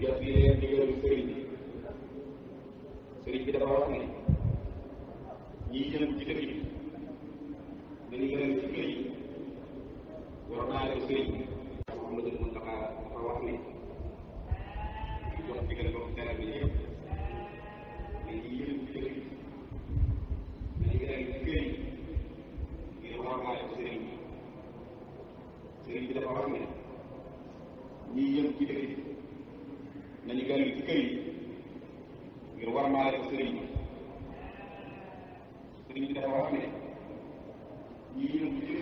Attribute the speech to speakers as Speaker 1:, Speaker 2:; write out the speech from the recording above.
Speaker 1: jot li leen ndigalu sëriñ bi sëriñ bi dafa wax ne ñiy yëngu ci dëkk bi dañu gën a ci kër yi war naa leen sëriñ bi Mouhamadou Moustapha dafa wax ne ñu jox ndigal ba mu dara bi yëpp ne ñiy yëngu ci dëkk bi dañu gën a ci kër yi ngir war naa leen sëriñ bi sëriñ bi dafa wax ne ñiy yëngu ci dëkk bi nañu gàllu ci kër ngir war maale ko sëriñ bi sëriñ bi dafa wax ne ñii yëngu ci